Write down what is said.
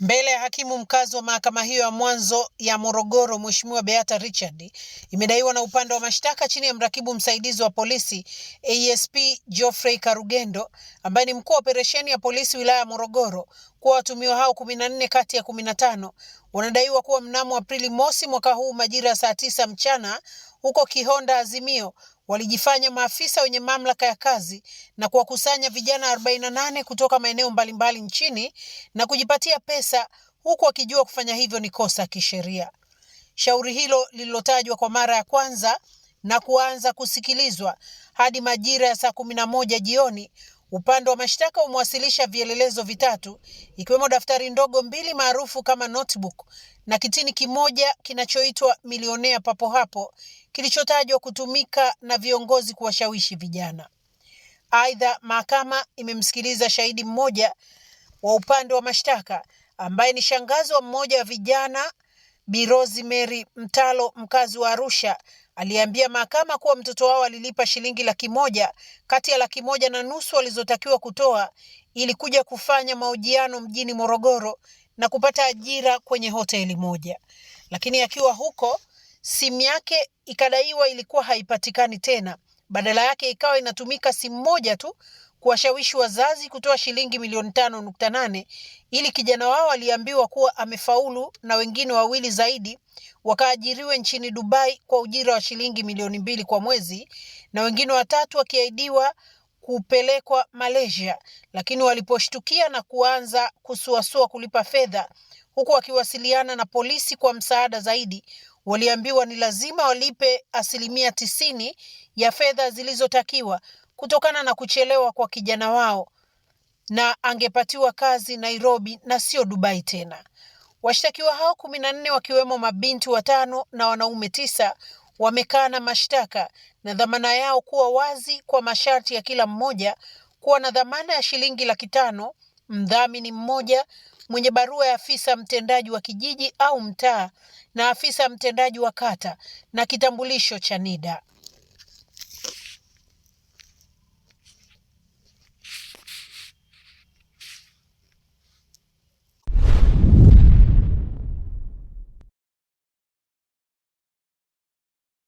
Mbele ya hakimu mkazi wa mahakama hiyo ya mwanzo ya Morogoro, Mheshimiwa Beata Richard, imedaiwa na upande wa mashtaka chini ya mrakibu msaidizi wa polisi ASP Geoffrey Karugendo, ambaye ni mkuu wa operesheni ya polisi wilaya ya Morogoro, kuwa watumiwa hao kumi na nne kati ya kumi na tano wanadaiwa kuwa mnamo Aprili mosi mwaka huu majira ya saa tisa mchana huko Kihonda Azimio walijifanya maafisa wenye mamlaka ya kazi na kuwakusanya vijana 48 kutoka maeneo mbalimbali nchini na kujipatia pesa huku wakijua kufanya hivyo ni kosa kisheria. Shauri hilo lililotajwa kwa mara ya kwanza na kuanza kusikilizwa hadi majira ya saa kumi na moja jioni Upande wa mashtaka umewasilisha vielelezo vitatu ikiwemo daftari ndogo mbili maarufu kama notebook na kitini kimoja kinachoitwa milionea papo hapo kilichotajwa kutumika na viongozi kuwashawishi vijana. Aidha, mahakama imemsikiliza shahidi mmoja wa upande wa mashtaka ambaye ni shangazi wa mmoja wa vijana Bi Rosemary Mtalo mkazi wa Arusha aliambia mahakama kuwa mtoto wao alilipa shilingi laki moja kati ya laki moja na nusu alizotakiwa kutoa ili kuja kufanya mahojiano mjini Morogoro na kupata ajira kwenye hoteli moja, lakini akiwa huko simu yake ikadaiwa ilikuwa haipatikani tena, badala yake ikawa inatumika simu moja tu kuwashawishi wazazi kutoa shilingi milioni tano nukta nane ili kijana wao aliambiwa kuwa amefaulu na wengine wawili zaidi wakaajiriwe nchini Dubai kwa ujira wa shilingi milioni mbili kwa mwezi na wengine watatu wakiahidiwa kupelekwa Malaysia, lakini waliposhtukia na kuanza kusuasua kulipa fedha huku wakiwasiliana na polisi kwa msaada zaidi, waliambiwa ni lazima walipe asilimia tisini ya fedha zilizotakiwa kutokana na kuchelewa kwa kijana wao na angepatiwa kazi Nairobi na sio Dubai tena. Washtakiwa hao kumi na nne wakiwemo mabinti watano na wanaume tisa wamekaa na mashtaka na dhamana yao kuwa wazi kwa masharti ya kila mmoja kuwa na dhamana ya shilingi laki tano, mdhamini mmoja mwenye barua ya afisa mtendaji wa kijiji au mtaa na afisa mtendaji wa kata na kitambulisho cha NIDA.